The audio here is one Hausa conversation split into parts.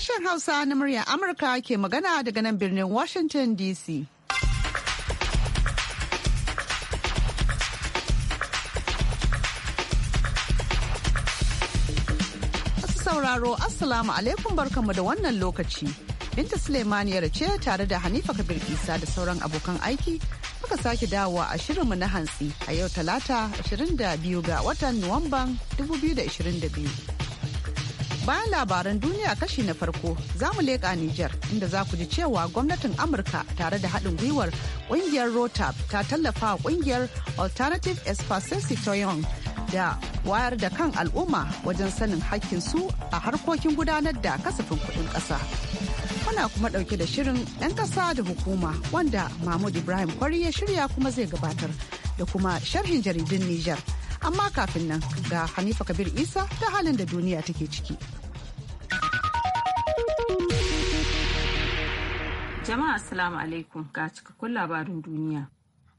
Sashen Hausa na murya Amurka ke magana daga nan birnin Washington DC. sauraro Assalamu alaikum barkanmu da wannan lokaci. Binta Sulemaniyar ce tare da Hanifa Kabir Isa da sauran abokan aiki muka sake dawowa a shirinmu na hantsi a yau talata 22 ga watan Nuwamban 2022. Bayan labaran duniya kashi na farko za mu leƙa Nijar inda za ku ji cewa gwamnatin Amurka tare da haɗin gwiwar ƙungiyar Rotab ta tallafa ƙungiyar Alternative Espace Citoyen da wayar da kan al'umma wajen sanin su a harkokin gudanar da kasafin kuɗin ƙasa. Kuna kuma ɗauke da shirin 'yan ƙasa da hukuma wanda Mahmud Ibrahim Kwari ya shirya kuma zai gabatar da kuma sharhin jaridun Nijar. Amma kafin nan ga Hanifa Kabir Isa ta halin da duniya take ciki. Jama'a Assalamu alaikum ga cikakkun labarin duniya.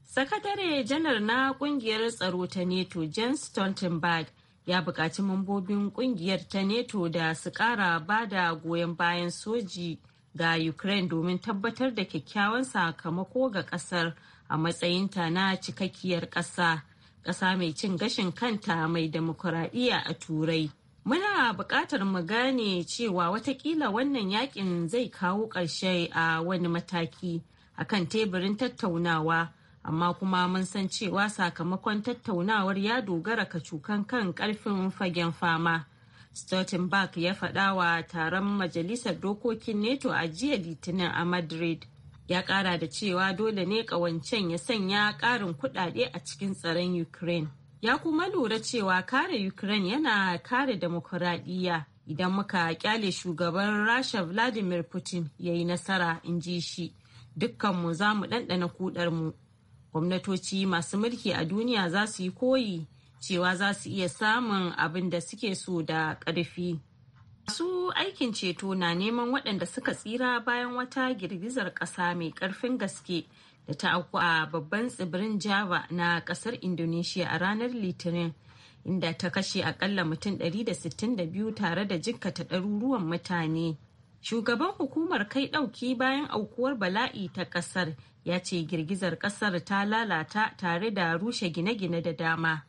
Sakatare janar na kungiyar tsaro ta NATO Jens Stoltenberg ya buƙaci mambobin kungiyar ta NATO da su ƙara ba da goyon bayan soji ga Ukraine domin tabbatar da kyakkyawan sakamako ga ƙasar a matsayinta na cikakkiyar ƙasa, ƙasa mai cin gashin kanta mai demokuraɗiyya a Turai. Muna buƙatar mu gane cewa watakila wannan yakin zai kawo ƙarshe a wani mataki a kan teburin tattaunawa, amma kuma mun san cewa sakamakon tattaunawar ya dogara ka kacukan kan ƙarfin fagen fama. Stoltenberg ya faɗa wa taron Majalisar Dokokin NATO a jiya Litinin a Madrid. Ya ƙara da cewa dole ne ƙawancen ya sanya ƙarin kuɗaɗe a cikin tsaron Ukraine. ya kuma lura cewa kare Ukraine yana kare demokuraɗiyya idan muka kyale shugaban Rasha Vladimir Putin ya yi nasara in ji shi. Dukkanmu za mu ɗanɗana kudarmu. Gwamnatoci masu mulki a duniya za su yi koyi cewa za su iya samun abin da suke so da ƙarfi. Masu aikin ceto na neman waɗanda suka tsira bayan wata girgizar ƙasa mai ƙarfin gaske da ta auku a babban tsibirin java na kasar indonesia a ranar litinin inda ta kashe akalla mutum 162 tare da jikkata ɗaruruwan mutane shugaban hukumar kai ɗauki bayan aukuwar bala'i ta kasar ya ce girgizar kasar ta lalata tare da rushe gine-gine da dama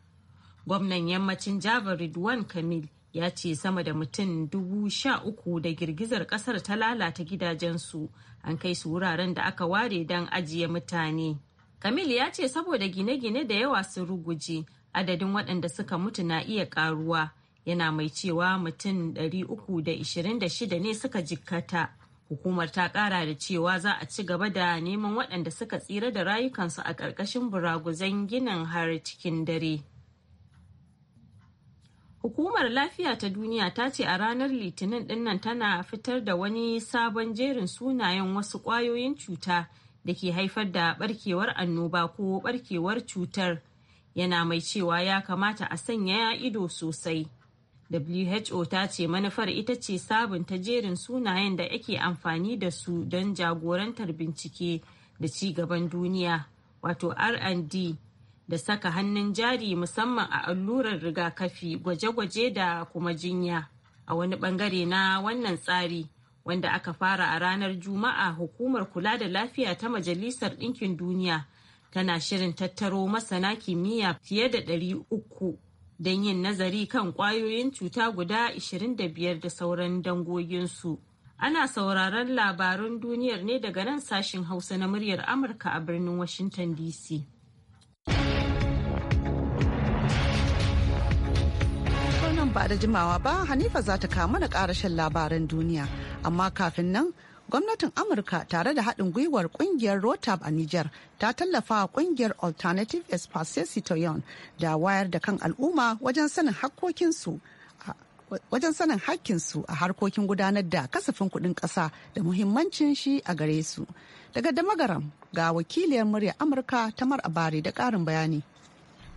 gwamnan yammacin java ridwan kamil ya ce sama da mutum dubu sha uku da girgizar kasar ta lalata gidajensu an kai su wuraren da aka ware don ajiye mutane kamil ya ce saboda gine-gine da yawa sun ruguje adadin waɗanda suka mutu na iya ƙaruwa yana mai cewa mutum ɗari uku da da ishirin shida ne suka jikkata hukumar ta ƙara da cewa za a ci gaba da neman waɗanda suka tsira da rayukansu a ƙarƙashin buraguzan ginin har cikin dare Hukumar Lafiya ta Duniya ta ce a ranar Litinin dinnan tana fitar da wani sabon jerin sunayen wasu ƙwayoyin cuta da ke haifar da ɓarkewar annoba ko ɓarkewar cutar. Yana mai cewa ya kamata a sanya ido sosai. WHO ta ce manufar ita ce sabunta jerin sunayen da ake amfani da su don jagorantar bincike da ci gaban duniya, wato R&D. da saka hannun jari musamman a allurar rigakafi gwaje-gwaje da kuma jinya a wani bangare na wannan tsari wanda aka fara a ranar juma'a hukumar kula da lafiya ta majalisar ɗinkin duniya tana shirin tattaro masana kimiyya fiye da ɗari uku don yin nazari kan ƙwayoyin cuta guda 25 da sauran dangoginsu ana sauraron labarun duniyar ne daga nan sashin hausa na muryar amurka a birnin washington dc ba da jimawa ba Hanifa za ta kama da karashin labaran duniya. Amma kafin nan, gwamnatin Amurka tare da haɗin gwiwar ƙungiyar Rotab a Niger ta tallafa ƙungiyar Alternative Espace Citoyen da wayar da kan al'umma wajen sanin hakkokinsu wajen hakkinsu a harkokin gudanar da kasafin kuɗin ƙasa da muhimmancin shi a gare su. Daga damagaram ga wakiliyar murya Amurka Tamar Abari da ƙarin bayani.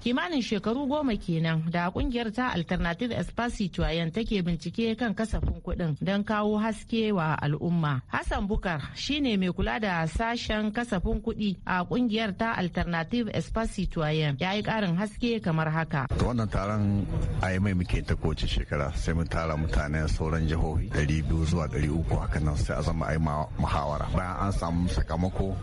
kimanin shekaru goma kenan da kungiyar ta alternative espacito yan take bincike kan kasafin kuɗin don kawo haske wa al'umma hassan bukar shine mai kula da sashen kasafin kuɗi a kungiyar ta alternative espacito yan ya yi ƙarin haske kamar haka wannan taron a mai muke ta kowace shekara sai mun tara mutane sauran jihohi biyu zuwa uku haka nan sai a zama yi muhawara bayan an samu sakamako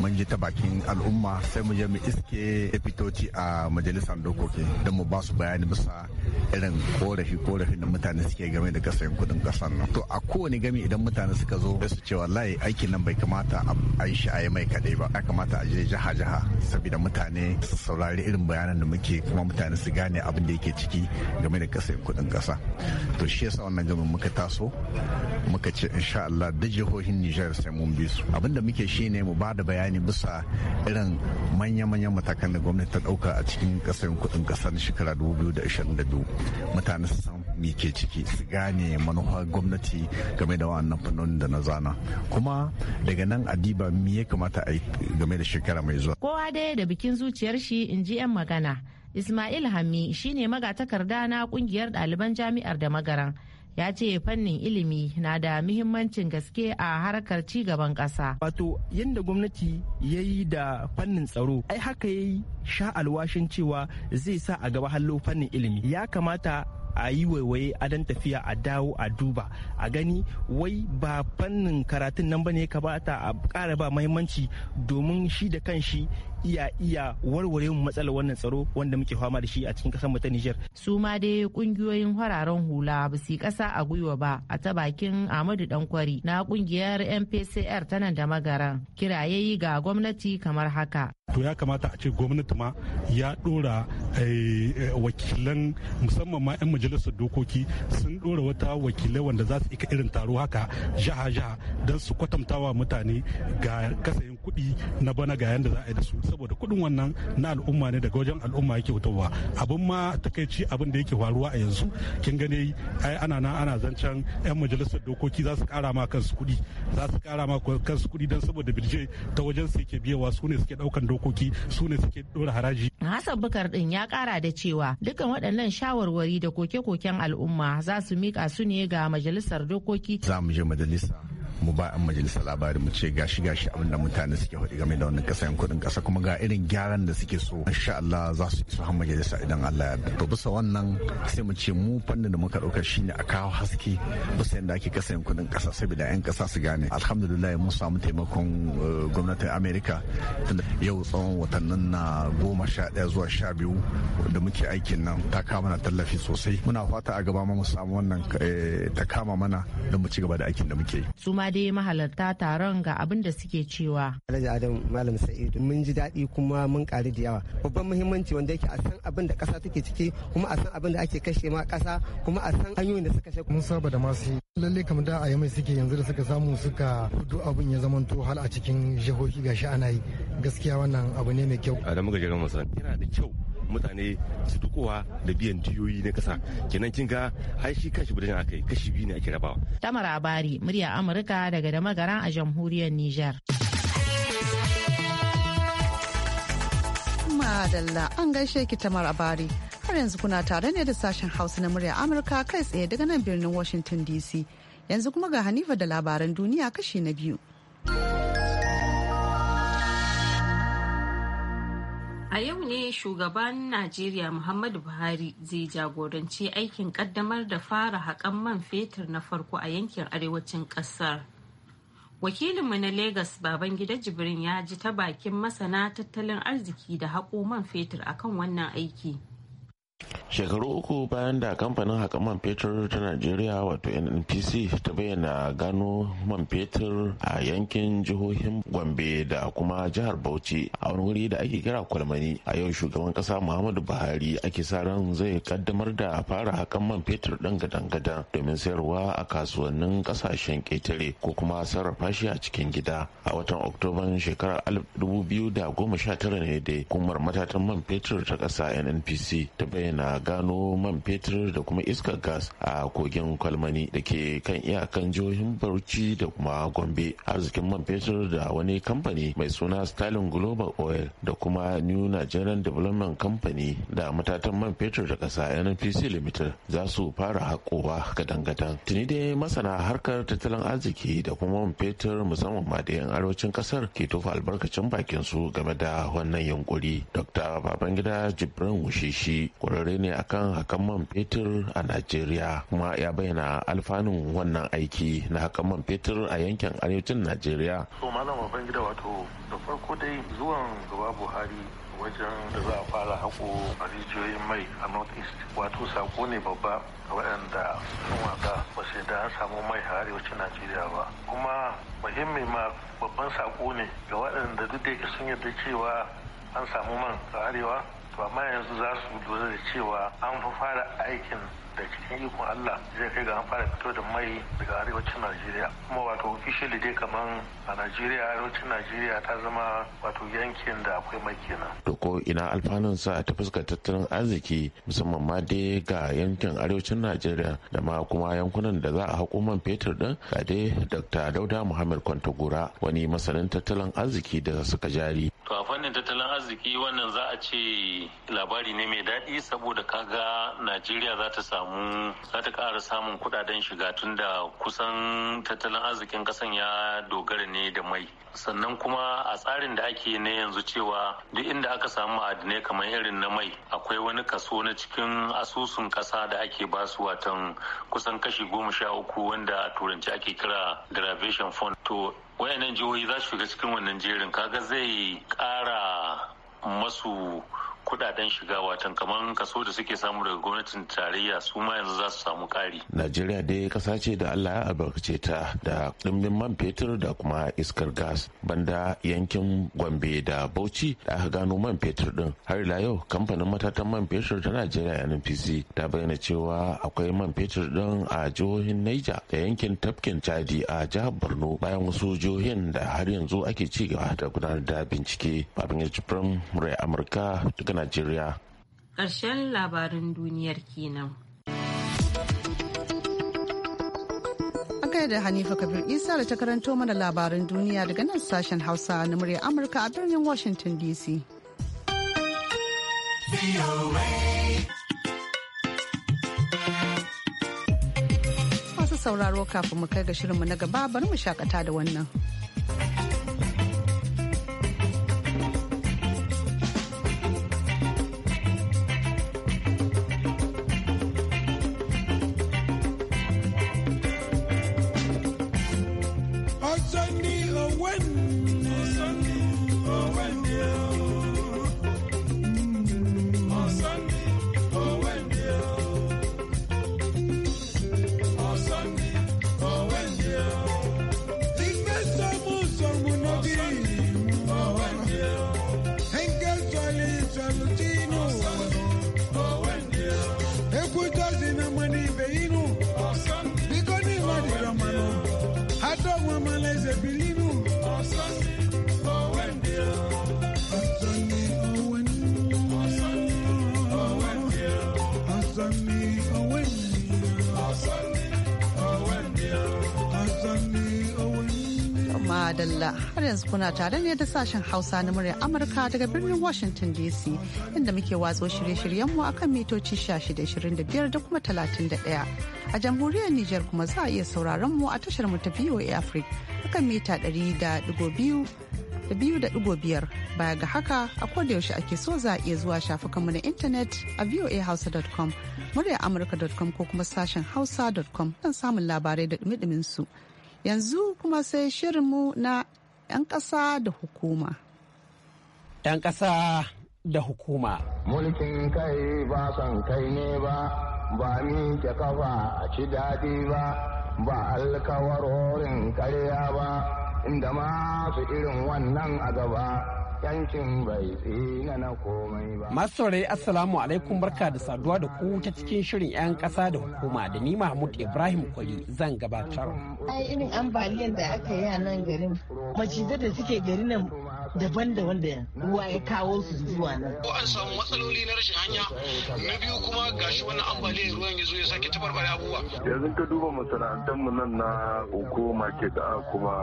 mun ji ta bakin al'umma sai mu je mu iske fitoci a majalisar dokoki don mu ba su bayani bisa irin korafi korafin da mutane suke game da kasa kudin kasar nan to a kowane gami idan mutane suka zo su ce wallahi aikin nan bai kamata a yi shi a yi mai kadai ba ya kamata a je jiha jiha saboda mutane su saurari irin bayanan da muke kuma mutane su gane abin da yake ciki game da kasayin kudin kasa to shi yasa wannan gamin muka taso muka ce insha Allah da jihohin Nijar sai mun bi su abin da muke shine mu ba da bayani bisa irin manya-manyan matakan da gwamnati ta dauka a ciki. cikin kasarin kuɗin kasar na shekara 2022 mutane su san me ke ciki su gane manufa gwamnati game da wannan fannonin da na zana kuma daga nan adiba me ya kamata a yi game da shekara mai zuwa kowa dai da bikin zuciyar shi in ji 'yan magana ismail hammi shine magatakarda na kungiyar ɗaliban jami'ar da magaran ya ce fannin ilimi na da muhimmancin gaske a harkar cigaban ƙasa. Wato yadda gwamnati ya yi da fannin tsaro, ai haka ya yi sha alwashin cewa zai sa a gaba hallo fannin ilimi. Ya kamata a yi waiwaye dan tafiya a dawo a duba a gani wai ba fannin karatun nan bane ya kamata a ƙara ba mahimmanci domin shi da kanshi iya iya warware mu matsalar wannan tsaro wanda muke fama da shi a cikin kasar ta Niger. Su ma dai kungiyoyin hararen hula ba su kasa a gwiwa ba a ta bakin Ahmadu Dankwari na kungiyar MPCR ta nan da magaran kirayeyi ga gwamnati kamar haka. To ya kamata a ce gwamnati ma ya dora eh, eh, wakilan musamman ma 'yan majalisar dokoki sun dora wata wakilai wanda za su ika irin taro haka jaha-jaha don su kwatantawa mutane ga kasayin kuɗi na bana ga yadda za a yi da su. saboda kuɗin wannan na al'umma ne daga wajen al'umma yake fitowa abin ma takaici abin da yake faruwa a yanzu kin gane ai ana nan ana zancen yan majalisar dokoki za su kara ma kansu kuɗi za su kara ma kansu kuɗi don saboda birje ta wajen su yake biyawa su ne suke ɗaukan dokoki su ne suke ɗora haraji. Hassan Bukar din ya kara da cewa dukkan waɗannan shawarwari da koke-koken al'umma za su mika su ne ga majalisar dokoki. Za mu je majalisa mu ba an majalisa labari mu ce gashi gashi abin da mutane suke hudu game da wannan kasayen kudin kasa kuma ga irin gyaran da suke so insha Allah za su isa har majalisa idan Allah ya to bisa wannan sai mu ce mu fannin da muka dauka shine a kawo haske bisa yadda ake kasayen kudin kasa saboda 'yan ƙasa su gane alhamdulillah mun samu taimakon eh, gwamnatin Amerika yau tsawon watannin na goma sha ɗaya zuwa sha biyu da muke aikin nan ta kama mana tallafi sosai muna fata a gaba mu samu wannan eh, ta kama mana don mu ci gaba da aikin da muke yi. dai mahalarta taron ga abin da suke cewa. Alhaji Adam Malam Sa'idu mun ji daɗi kuma mun ƙari da yawa. Babban muhimmanci wanda yake a san abin da ƙasa take ciki kuma a san abin da ake kashe ma ƙasa kuma a san hanyoyin da suka shafa. Mun saba da masu lalle kam da a yamai suke yanzu da suka samu suka hudu abin ya zama to hal a cikin jihohi gashi ana yi gaskiya wannan abu ne mai kyau. Adamu gajeren masarar yana da kyau mutane su dukowa da biyan tiyoyi na kasa kenan kin ga ai shi kashi budajin akai kashi biyu ne ake rabawa tamara abari murya amurka daga da magara a jamhuriyar niger madalla an gaishe ki tamar abari har yanzu kuna tare ne da sashen hausa na murya amurka kai tsaye daga nan birnin washington dc yanzu kuma ga hanifa da labaran duniya kashi na biyu A yau ne shugaban Najeriya Muhammadu Buhari zai jagoranci aikin kaddamar da fara haƙan man fetur na farko a yankin arewacin ƙasar. Wakilinmu na Legas Babangida Jibrin ya ji ta bakin masana tattalin arziki da haƙo man fetur akan wannan aiki. shekaru uku bayan da kamfanin haƙa man fetur ta najeriya wato nnpc ta bayyana gano man fetur a yankin jihohin gombe da kuma jihar bauchi a wani wuri da ake kira kwalmani a yau shugaban ƙasa muhammadu buhari ake sa ran zai kaddamar da fara hakan man fetur ɗin gadan-gadan domin sayarwa a kasuwannin kasashen ƙetare ko kuma sarrafa shi a cikin gida a watan oktoban shekarar 2019 ne dai hukumar matatan man fetur ta ƙasa nnpc ta bayyana na gano man fetur da kuma iskar gas a kogin kwalmani da ke kan iyakan jihohin bauchi da kuma gombe arzikin man fetur da wani kamfani mai suna stalin global oil da kuma new nigerian development company da matatan man fetur da kasa nnpc limited za su fara haƙowa gadan-gadan tuni dai masana harkar tattalin arziki da kuma man fetur musamman ma da yan arewacin kasar ke tofa albarkacin bakin su game da wannan yunkuri dr babangida jibrin wushishi kwararre ne akan hakan man fetur a najeriya kuma ya bayyana alfanun wannan aiki na hakan man fetur a yankin arewacin najeriya so malam babangida wato da farko dai zuwan gaba buhari wajen da za a fara haƙo a rijiyoyin mai a northeast wato sako ne babba ga waɗanda sun waka ba sai da an samu mai a arewacin najeriya ba kuma muhimmi ma babban sako ne ga waɗanda duk da sun yarda cewa an samu man a arewa to amma yanzu za su lura da cewa an fi fara aikin da cikin ikon Allah zai kai ga an fara fito da mai daga arewacin Najeriya kuma wato officially dai kaman a Najeriya arewacin Najeriya ta zama wato yankin da akwai mai kenan to ko ina alfanun sa ta fuskar tattalin arziki musamman ma dai ga yankin arewacin Najeriya da ma kuma yankunan da za a hako man fetur din ga dai Dr. Dauda Muhammad Kwantagura wani masanin tattalin arziki da suka jari To a fannin tattalin arziki wannan za a ce labari ne mai daɗi saboda kaga Najeriya za ta samu za ta ƙara samun kuɗaɗen shiga tun da kusan tattalin arzikin ƙasan ya dogara ne da mai. Sannan kuma a tsarin da ake na yanzu cewa duk inda aka samu ma'adinai kamar irin na mai akwai wani kaso na cikin asusun ƙasa da ake basu watan kusan kashi goma sha uku wanda a turanci ake kira derivation fund. To wayannan jihohi za su shiga cikin wannan jerin kaga zai kara masu kudaden shiga watan kamar kaso da suke samu daga gwamnatin tarayya su ma yanzu za su samu kari Najeriya dai kasa ce da Allah ya albarkace ta da ɗimbin man fetur da kuma iskar gas banda yankin Gombe da Bauchi da aka gano man fetur din. Har ila yau kamfanin matatan man fetur ta Najeriya NPC ta bayyana cewa akwai man fetur din a jihohin Niger da yankin tafkin Chadi a jihar Borno bayan wasu jihohin da har yanzu ake ci gaba da gudanar da bincike. Babin Jibrin Murai Amurka najeriya ƙarshen labarin duniyar kenan kai da Hanifa Kabir Isa da ta karanto mana labaran duniya daga nan sashen Hausa na murya Amurka a birnin Washington DC. Masu sauraro kafin mu kai ga shirinmu na gaba bari mu shakata da wannan. dalla har yanzu kuna tare ne da sashen hausa na muryar amurka daga birnin washington dc inda muke watso shirye-shiryenmu akan mitoci 1625 da kuma 31 a jamhuriyar niger kuma za a iya sauraron mu a tashar mu ta voa africa akan mita 200.5 baya ga haka a yaushe ake so za a iya zuwa shafukanmu na intanet a voahausa.com muryar amurka.com ko kuma sashen hausa.com don samun labarai da dumi su. yanzu kuma sai shirinmu na 'yan ƙasa da hukuma 'yan ƙasa da hukuma mulkin kai ba son kai ne ba ba ni ke kafa a ci daɗi ba ba alkawarorin karya ba inda masu irin wannan a gaba Yankin bai tsina na komai ba. Masu saurayi Assalamu alaikum barka da saduwa da ku ta cikin shirin 'yan ƙasa da hukuma da ni Mahmud Ibrahim Kwali zan gabatar. Ai irin ambaliyar da aka yi a nan garin, macizai da suke garin nan daban da wanda ruwa ya kawo su zuwa nan. Ko an samu matsaloli na rashin hanya na biyu kuma gashi wani ambaliyar ruwan ya zo ya sake tabarbare abubuwa. Yanzu ka duba masana'antarmu nan na Oko Market a kuma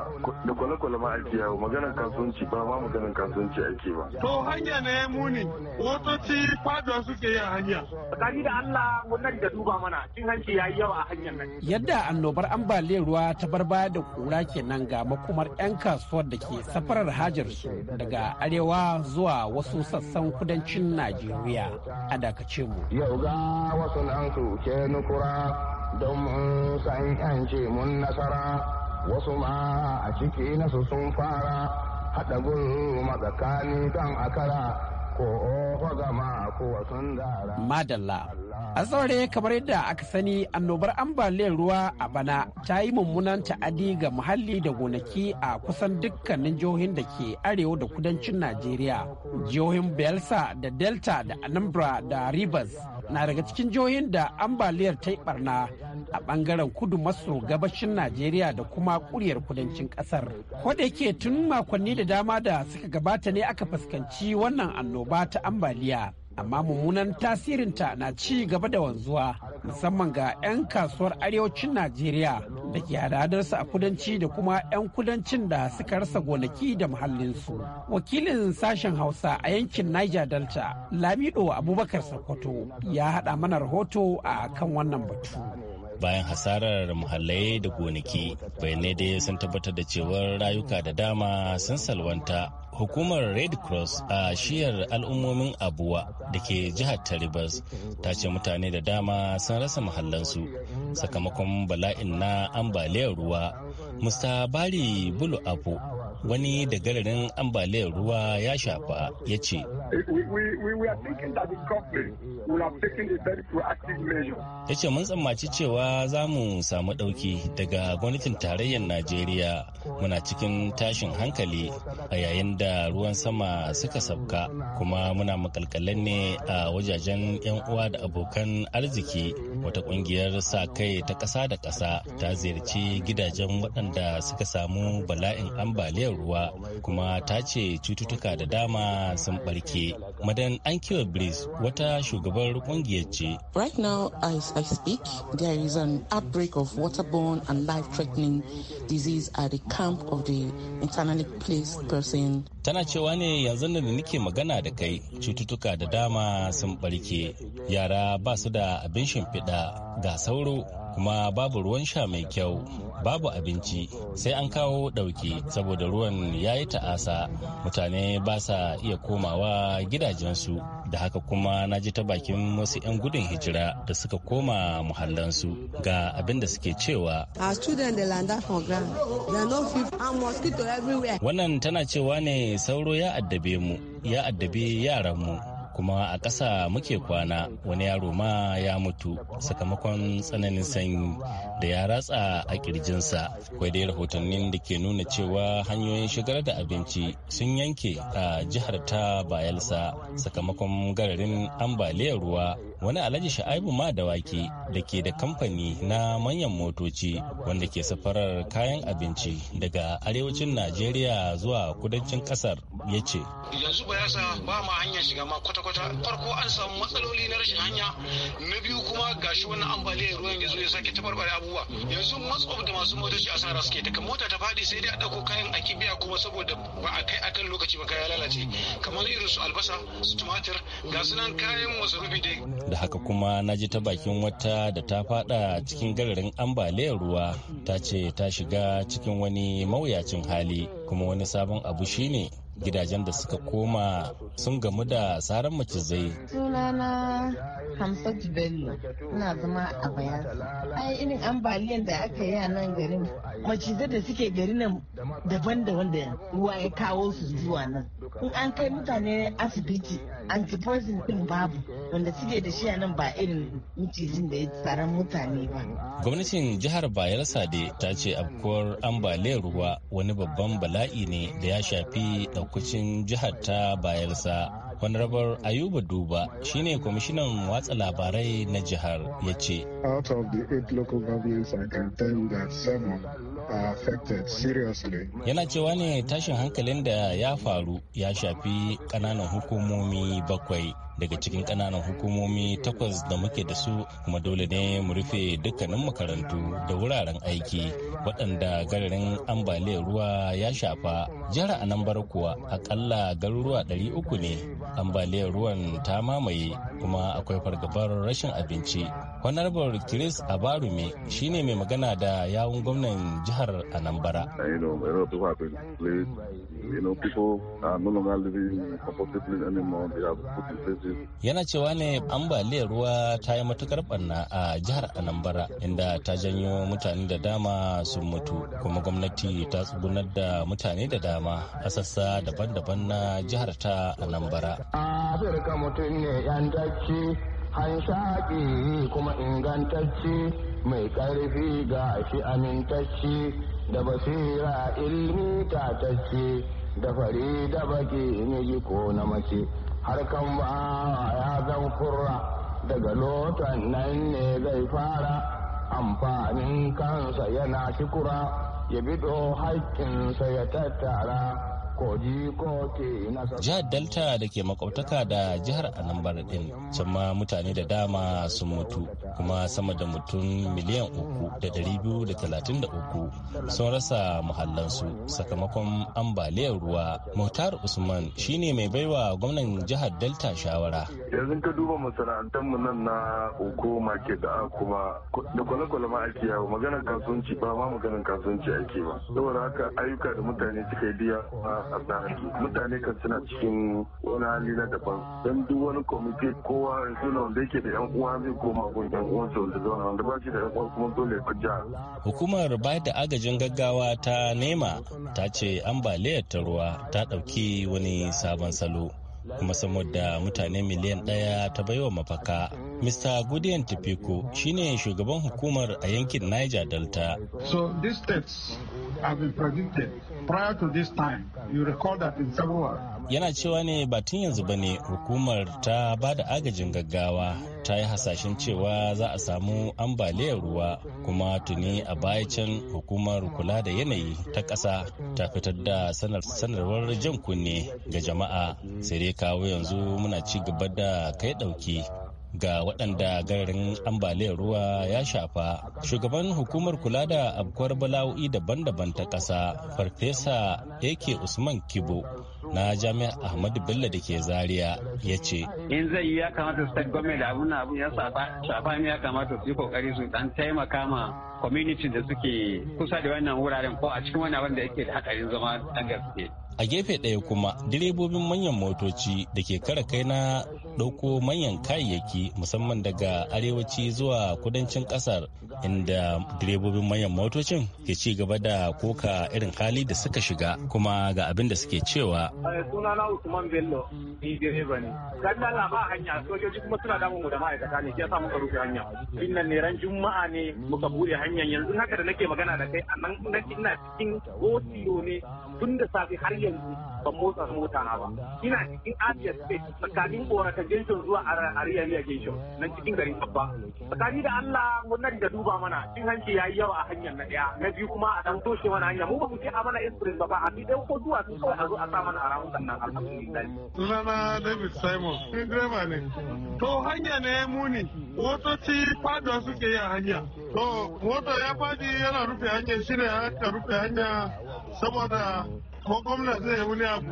da kwale-kwale ma ake yawo maganar kasuwanci ba ma maganar kasuwanci ake ba. To hanya ya muni motoci faduwa suke yin a hanya. Tsakani da Allah wannan da duba mana cin hanci ya yi yawa a hanyar nan. Yadda annobar ambaliyar ruwa ta barbaya da kura kenan ga makomar 'yan kasuwar da ke safarar hajar su daga arewa zuwa wasu sassan kudancin najeriya a dakace mu yau ga wasu nan su ke nukura don mun san yance mun nasara wasu ma a ciki nasu sun fara haɗa gulu matsakani kan akara Madalla. A tsare kamar yadda aka sani annobar ambaliyar ruwa a bana ta yi mummunan ta'adi ga muhalli da gonaki a kusan dukkanin jihohin da ke arewa da kudancin Najeriya. Jihohin Belsa da Delta da Anambra da Rivers na daga cikin jihohin da ambaliyar ta yi barna a bangaren kudu maso gabashin Najeriya da kuma kuryar kudancin kasar. yake tun makonni da dama da suka gabata ne aka fuskanci wannan annoba. annoba ta ambaliya amma mummunan tasirinta na ci gaba da wanzuwa musamman ga 'yan kasuwar arewacin najeriya da ke hadadarsa a kudanci da kuma 'yan kudancin da suka rasa gonaki da muhallinsu wakilin sashen hausa a yankin niger delta lamido abubakar sokoto ya hada mana rahoto a kan wannan batu bayan hasarar muhallai da gonaki bayanai dai sun tabbatar da cewar rayuka da dama sun salwanta hukumar red cross a shiyar al'ummomin abuwa da ke jihar taribas ta ce mutane da dama sun rasa mahallansu sakamakon bala'in na ambaliyar ruwa musta bari bulu abu wani da gararin ambaliyar ruwa ya shafa ya ce ya ce mun tsammaci cewa za mu samu ɗauki daga gwamnatin tarayyar najeriya muna cikin tashin hankali a yayin da ruwan sama suka sabka kuma muna makalkalan ne a wajajen 'yan uwa da abokan arziki wata kungiyar sa kai ta ƙasa da ƙasa ta ziyarci gidajen waɗanda suka samu bala'in ambaliyar ambaliyar ruwa kuma ta ce cututtuka da dama sun barke. Madan kiwa Breeze wata shugabar kungiyar ce. Right now as I speak there is an outbreak of waterborne and life-threatening disease at the camp of the internally placed person. Tana cewa ne yanzu da nake magana da kai cututtuka da dama sun barke. Yara ba su da abin shimfiɗa ga sauro kuma babu ruwan sha mai kyau babu abinci sai an kawo ɗauki saboda ruwan ya yi ta'asa mutane ba sa iya komawa gidajensu da haka kuma na ji ta bakin wasu 'yan gudun hijira da suka koma muhallansu ga abin da suke cewa wannan tana cewa ne sauro ya addabe mu ya yaran yaranmu kuma a ƙasa muke kwana wani yaro ma ya mutu sakamakon tsananin sanyi da ya ratsa a ƙirjinsa kwai dai rahotannin da ke nuna cewa hanyoyin shigar da abinci sun yanke a jihar ta bayelsa sakamakon gararin ambaliyar ruwa wani alhaji sha'aibu ma da wake da ke da kamfani na manyan motoci wanda ke safarar kayan abinci daga arewacin najeriya zuwa kudancin kasar ya ce yanzu ba yasa ba ma hanyar shiga ma kwata-kwata farko an samu matsaloli na rashin hanya na biyu kuma gashi wannan ambaliyar ruwan ya zo ya sake tabarbare abubuwa yanzu matsof da masu motoci a sara suke daga mota ta fadi sai dai a ɗauko kayan a biya kuma saboda ba a kai akan lokaci ba kaya lalace kamar irin su albasa su tumatir ga sunan kayan masarufi dai da haka kuma na ji ta bakin wata da ta fada cikin gararin ambaliyar ruwa ta ce ta shiga cikin wani mawuyacin hali kuma wani sabon abu shine gidajen da suka koma sun gamu da saran macizai sunana hamsat bello ina zama a bayasa ai irin ambaliyan da aka yi a nan garin macizai da suke gari nan daban da wanda ruwa ya kawo su zuwa nan in an kai mutane asibiti antiposin din babu wanda suke da shi a nan ba irin macijin da ya tsaron mutane ba gwamnatin jihar bayelsa da ta ce afkuwar ambaliyar ruwa wani babban bala. bala'i ne da ya shafi daukacin jihar ta bayelsa honorable ayuba duba shine kwamishinan watsa labarai na jihar ya ce yana cewa ne tashin hankalin da ya faru ya shafi kananan hukumomi bakwai daga cikin ƙananan hukumomi takwas da muke da su kuma dole ne mu rufe dukkanin makarantu da wuraren aiki waɗanda gararin ambaliyar ruwa ya shafa jihar anambra kuwa akalla garuruwa 300 ne ambaliyar ruwan ta mamaye kuma akwai fargabar rashin abinci honorable chris abarume shine mai magana da yawun gwamnan jihar anambra yana cewa ne ambaliyar ruwa ta yi matukar barna a jihar anambra inda ta janyo mutane da dama sun mutu kuma gwamnati ta tsugunar da mutane da dama a sassa daban-daban na jihar ta anambra tabbatacce hanshaƙi kuma ingantacce mai ƙarfi ga shi amintacce da basira ilmi tatacce da fari da baki miji ko na mace harkan ba ya zan kurra daga lotan nan ne zai fara amfanin kansa yana shikura ya bido haƙƙinsa ya tattara jihar delta da ke makwabtaka da jihar anambra din can ma mutane da dama sun mutu kuma sama da mutum miliyan uku da dari biyu da talatin da uku sun rasa muhallansu sakamakon ambaliyar ruwa muhtar usman shine mai baiwa gwamnan jihar delta shawara yanzu ka duba masana'antarmu nan na uku market da kuma da kwale-kwale ma ake yawo maganar kasuwanci ba ma maganar kasuwanci ake ba saboda haka ayyuka da mutane suka biya mutane kan suna cikin wani hali na daban don duk wani kwamiti kowa suna wanda yake da yan uwa zai koma gun yan uwan su da zauna wanda ba shi da yan uwa kuma dole ya kujja. hukumar bayar da agajin gaggawa ta nema ta ce ambaliyar ta ruwa ta ɗauki wani sabon salo kuma saboda mutane miliyan ɗaya ta baiwa mafaka Mr. Gudian Tipiku shine shugaban hukumar a yankin Niger Delta. So these steps have been predicted prior to this time you recall that in february yana cewa ne ba tun yanzu ba ne hukumar ta ba da agajin gaggawa ta yi hasashen cewa za a samu ambaliyar ruwa kuma tuni a baya can hukumar kula da yanayi ta ƙasa ta fitar da sanarwar jan kunne ga jama'a sai dai kawo yanzu muna ci gaba da kai ɗauki ga waɗanda garin ambaliyar ruwa ya shafa shugaban hukumar kula da abkuwar bala'o'i daban-daban ta ƙasa farfesa ak usman kibo na jami'ar ahmadu bello da ke zaria ya ce in zai yi ya kamata su government da abun ya shafa ya kamata su yi kokari su dan taimaka ma community da suke kusa da wannan wuraren ko a cikin wani abin da yake da hakarin zama dan gaske a gefe ɗaya kuma direbobin manyan motoci da ke kara kai na ɗauko manyan kayayyaki musamman daga arewaci zuwa kudancin ƙasar inda direbobin manyan motocin ke ci gaba da koka irin hali da suka shiga kuma ga abin da suke cewa. Eh, sunana Usman Bello ni direba ne. Kan Allah ba hanya sojoji kuma suna damun mu da ma'aikata ne ke sa muka rufe hanya. Innan ne ran Juma'a ne muka bude hanyar yanzu haka da nake magana da kai a nan ina cikin gotiyo ne tun da safe har yanzu ban motsa mota na ba. Ina cikin Asia State tsakanin Borata ka gejin zuwa ariya nan cikin gari babba tsakani da Allah gwamnati da duba mana cin hanci yayi yawa a hanyar na daya na biyu kuma a dan toshe mana hanya mu ba mu ce a mana express ba a bi dan ko zuwa su kawai a zo a sa a ramu sannan alhamdulillah David Simon ne muni motoci faduwa suke yi a hanya to ya fadi yana rufe hanya shine aka rufe hanya saboda ko gwamnati zai wuni abu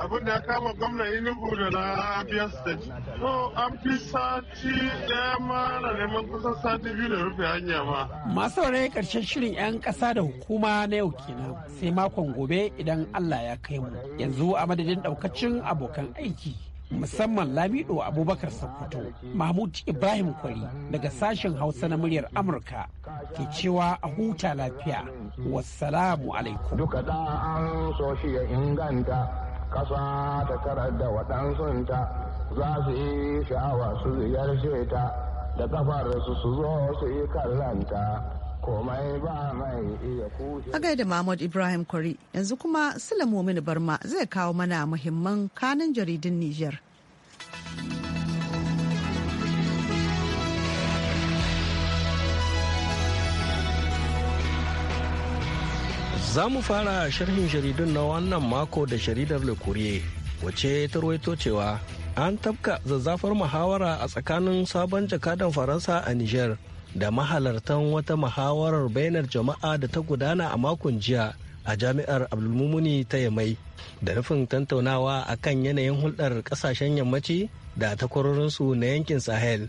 abin da ya kama gwamna inugu da na abia state to an fi sati daya ma na neman kusan sati biyu da rufe hanya ma masu rai karshen shirin yan kasa da hukuma na yau kenan sai makon gobe idan allah ya kai mu yanzu a madadin daukacin abokan aiki musamman lamido abubakar sokoto mahmud ibrahim kwari daga sashen hausa na muryar amurka ke cewa a huta lafiya wassalamu alaikum duka da an so ya inganta kasa ta karar da waɗansunta za su yi sha'awa su ziyarce ta da kafarsu su zo su yi kallanta komai ba mai iya kushe. A gaida Mahmud Ibrahim Kwari yanzu kuma Sulamomin Barma zai kawo mana muhimman kanin jaridun Nijar. Za mu fara sharhin jaridun na wannan mako da jaridar Le Courrier, wace ta ruwaito cewa an tafka zazzafar muhawara a tsakanin sabon jakadan Faransa a Niger da mahalartan wata muhawarar bainar jama'a da ta gudana a makon jiya a jami'ar Abdulmumuni ta Yamai da nufin tantaunawa a kan yanayin hulɗar ƙasashen yammaci da takwarorinsu na yankin Sahel.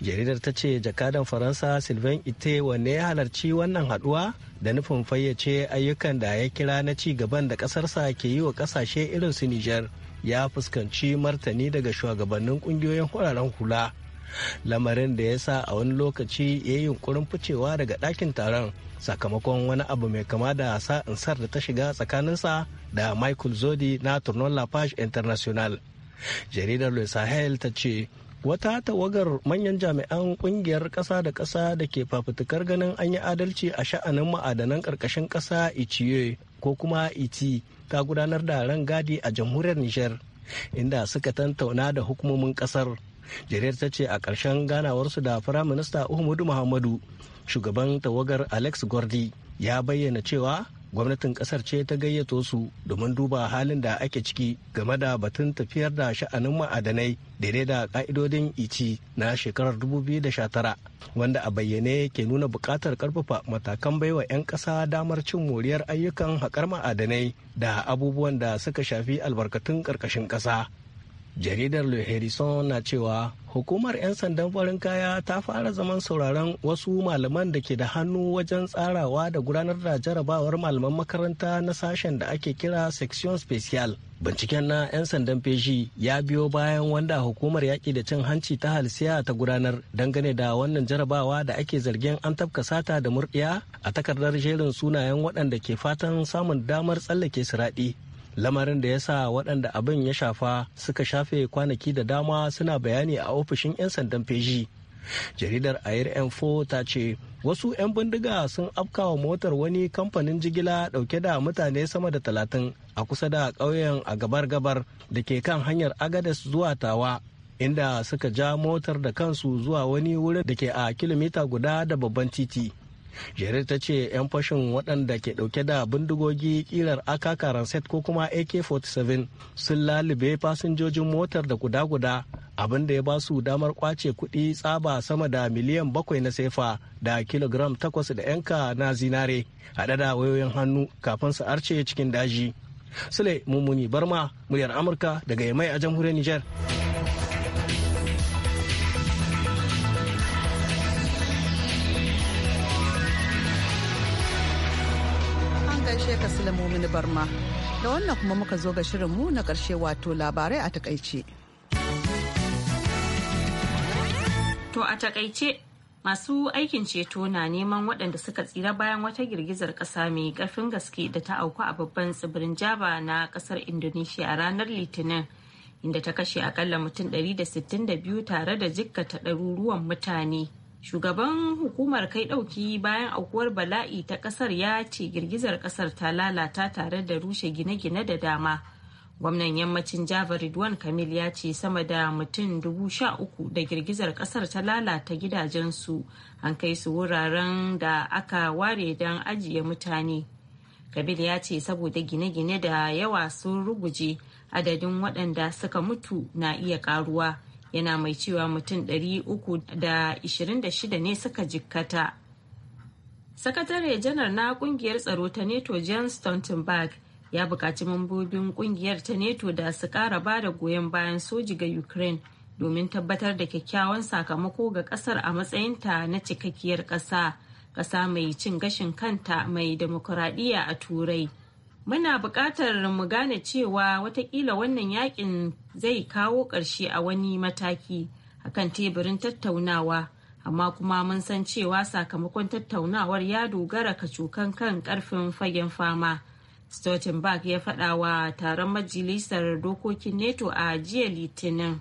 jaridar ta ce jakadan faransa sylvain ite wanne ya halarci wannan haduwa da nufin fayyace ayyukan da ya kira na ci gaban da kasarsa ke yi wa kasashe irin su niger ya fuskanci martani daga shugabannin kungiyoyin huraren hula lamarin da ya sa a wani lokaci ya yi yunkurin ficewa daga ɗakin taron sakamakon wani abu mai kama da sa'insar da ta shiga tsakaninsa da michael zodi na tournon page international jaridar le sahel ta ce wata tawagar manyan jami'an kungiyar ƙasa da ƙasa da ke fafutukar ganin an yi adalci a sha'anin ma'adanan ƙarƙashin ƙasa iciye ko kuma iti ta gudanar da rangadi a jamhuriyar nijar inda suka tantauna da hukumomin ƙasar jirar ta ce a ƙarshen ganawarsu da Minista uhumudu muhammadu shugaban tawagar alex gordi ya bayyana cewa gwamnatin kasar ce ta gayyato su domin duba halin da ake ciki game da batun tafiyar da sha'anin ma'adanai daidai da ka'idodin ici e na shekarar 2019 wanda a bayyane ke nuna bukatar karfafa matakan baiwa 'yan kasa damar cin moriyar ayyukan haƙar ma'adanai da abubuwan da suka shafi albarkatun ƙarƙashin ƙasa jaridar le harrison na cewa hukumar 'yan sandan farin kaya ta fara zaman sauraron wasu malaman da ke da hannu wajen tsarawa da gudanar da jarabawar malaman makaranta na sashen da ake kira section special binciken na 'yan sandan feshi ya biyo bayan wanda hukumar yaƙi da cin hanci ta halsiya ta gudanar dangane da wannan jarabawa da ake zargin an tafka sata da murɗiya a takardar jerin sunayen waɗanda ke fatan samun damar tsallake siraɗi lamarin da ya sa waɗanda abin ya shafa suka shafe kwanaki da dama suna bayani a ofishin 'yan sandan feji jaridar air m4 ta ce wasu 'yan bindiga sun afkawa motar wani kamfanin jigila dauke da mutane sama da talatin a kusa da ƙauyen a gabar-gabar da ke kan hanyar agadas zuwa tawa inda suka ja motar da kansu zuwa wani wurin da ke a kilomita guda da babban titi jerry ta ce 'yan fashin waɗanda ke ɗauke da bindigogi kilar akaka ranset ko kuma ak-47 sun lalube fasinjojin motar da guda-guda abin da ya ba su damar kwace kuɗi tsaba sama da miliyan bakwai na sefa da kilogram takwas da yanka na zinare haɗe da wayoyin hannu kafin su arce cikin daji sule mummuni barma muryar amurka daga yamai a jamhuriyar nijar. ce ka silamu mini barma. Da wannan kuma muka zo ga shirinmu na karshe wato labarai a takaice. To a takaice masu aikin ceto na neman waɗanda suka tsira bayan wata girgizar ƙasa mai ƙarfin gaske da ta auku a babban tsibirin java na ƙasar indonesia a ranar litinin inda ta kashe akalla mutum 162 tare da jikkata ɗaruruwan mutane shugaban hukumar kai ɗauki bayan aukuwar bala'i ta ƙasar ya ce girgizar ƙasar ta lalata tare da rushe gine-gine da dama gwamnan yammacin java ridwan kamil ya ce sama da mutum dubu sha uku da girgizar ƙasar ta lalata gidajensu an kai su wuraren da aka ware don ajiye mutane kabil ya ce saboda gine-gine da yawa sun ruguje adadin waɗanda suka mutu na iya ƙaruwa. yana mai cewa mutum 326 ne suka jikkata sakatare janar na kungiyar tsaro ta neto john stoltenberg ya buƙaci mambobin kungiyar ta neto da su ƙara ba da goyon bayan soji ga ukraine domin tabbatar da kyakkyawan sakamako ga kasar a matsayinta na cikakkiyar kasa ƙasa mai cin gashin kanta mai demokuraɗiyya a turai muna buƙatar mu gane cewa watakila wannan yakin zai kawo ƙarshe a wani mataki akan teburin tattaunawa amma kuma mun san cewa sakamakon tattaunawar ya dogara ka kacokan kan ƙarfin fagen fama stoltenberg ya faɗa wa taron majalisar dokokin neto a jiya litinin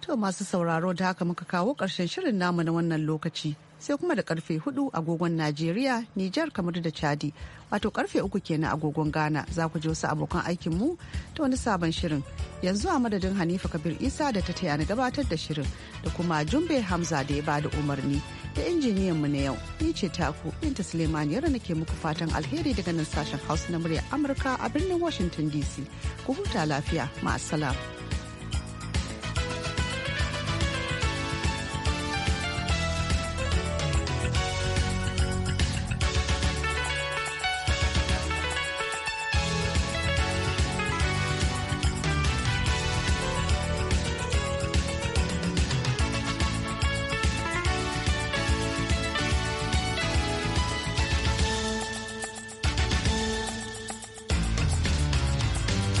to masu sauraro da haka muka kawo ƙarshen shirin namu na wannan lokaci sai kuma da karfe hudu agogon Najeriya, Nijar kamar da Chadi. Wato karfe uku kenan agogon Ghana za ku ji wasu abokan aikin mu ta wani sabon shirin. Yanzu a madadin Hanifa Kabir Isa da ta taya ni gabatar da shirin da kuma Jumbe Hamza da ya bada umarni da injiniyan mu na yau. Ni ce taku Binta Suleiman yara nake muku fatan alheri daga nan sashen Hausa na murya Amurka a birnin Washington DC. Ku huta lafiya, ma'asala.